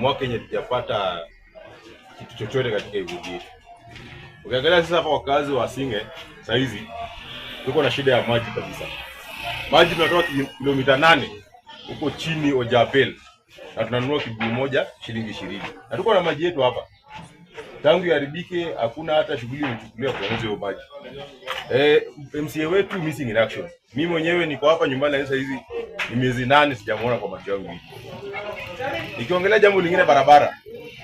mwaka yenye tujapata kitu chochote katika Ivujiri. Ukiangalia sasa kwa wakazi wa Singe saa hizi tuko na shida ya maji kabisa. Maji tunatoka kilomita nane huko chini Ojapel na tunanunua kibuyu moja shilingi ishirini na tuko na maji yetu hapa tangu iharibike, hakuna hata shughuli imechukuliwa kwa hizo maji. Eh, MCA wetu missing in action. Mimi mwenyewe niko hapa nyumbani na sasa hizi ni miezi nane sijamuona kwa macho yangu. Nikiongelea jambo lingine, barabara.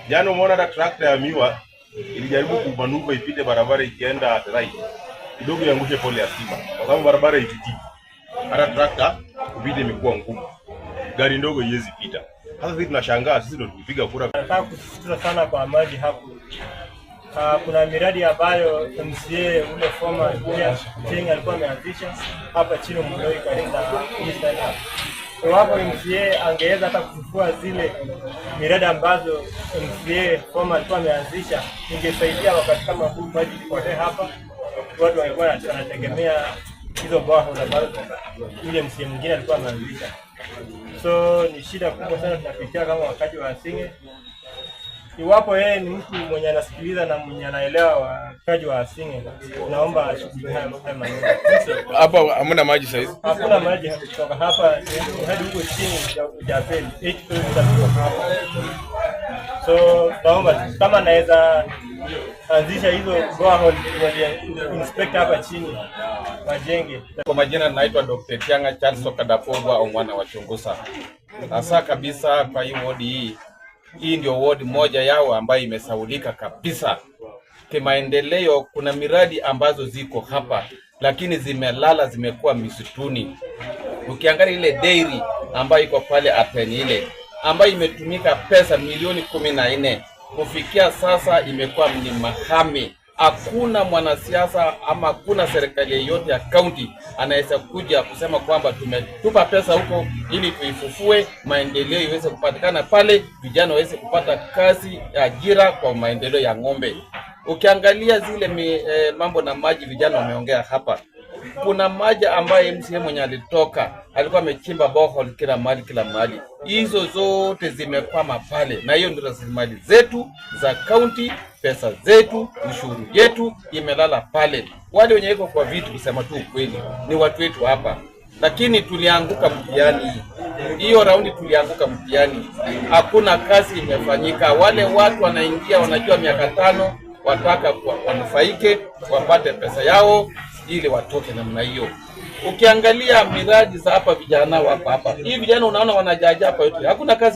Jana umeona hata trakta ya miwa ilijaribu kumanuva ipite barabara ikienda right kidogo, iangushe pole ya stima, kwa sababu barabara ititi, hata trakta kupite imekuwa ngumu, gari ndogo iwezi pita. Sasa sisi tunashangaa, sisi ndo tukipiga kura. Nataka kusisitiza sana kwa maji hapo Uh, kuna miradi ambayo MCA ule former King alikuwa ameanzisha hapa chini Mloi Karinda Eastern Hub. So MCA angeweza hata kufufua zile miradi ambazo MCA former alikuwa ameanzisha, ingesaidia wakati kama huu maji kote hapa, watu walikuwa wanategemea hizo borehole ambazo ile MCA mwingine alikuwa ameanzisha. So ni shida kubwa sana tunapitia kama wakati wa Asinge Iwapo yeye ni mtu mwenye anasikiliza na mwenye anaelewa wakaji wa Asinge, naomba ashughulikie mapema. Hapa hamna maji saizi, hakuna maji kutoka hapa hadi huko chini Ujapeli, hapa so naomba kama naweza anzisha hizo borehole inspector hapa chini wajenge. Kwa majina naitwa Dr. Tianga Charles Kadapogwa au mwana wa Chungusa. Sasa kabisa kwa hii wodi hii hii ndio ward moja yao ambayo imesaulika kabisa kimaendeleo. Kuna miradi ambazo ziko hapa lakini zimelala, zimekuwa misituni. Ukiangalia ile dairy ambayo iko pale Apeni ile ambayo imetumika pesa milioni kumi na nne kufikia sasa imekuwa ni mahame hakuna mwanasiasa ama hakuna serikali yeyote ya kaunti anaweza kuja kusema kwamba tumetupa pesa huko ili tuifufue, maendeleo iweze kupatikana pale, vijana waweze kupata kazi, ajira kwa maendeleo ya ng'ombe. Ukiangalia zile mi, eh, mambo na maji, vijana wameongea hapa. Kuna maji ambayo MCA mwenye alitoka alikuwa amechimba borehole kila mahali kila mahali, hizo zote zimekwama pale, na hiyo ndio rasilimali zetu za kaunti pesa zetu, ushuru yetu imelala pale. Wale wenye iko kwa vitu, kusema tu ukweli, ni watu wetu hapa, lakini tulianguka mtihani hiyo raundi tulianguka mtihani, hakuna kazi imefanyika. Wale watu wanaingia wanajua miaka tano wataka wanufaike wapate pesa yao ili watoke namna hiyo. Ukiangalia miradi za hapa vijana hapa hapa, hii vijana unaona wanajaja hapa yote, hakuna kazi.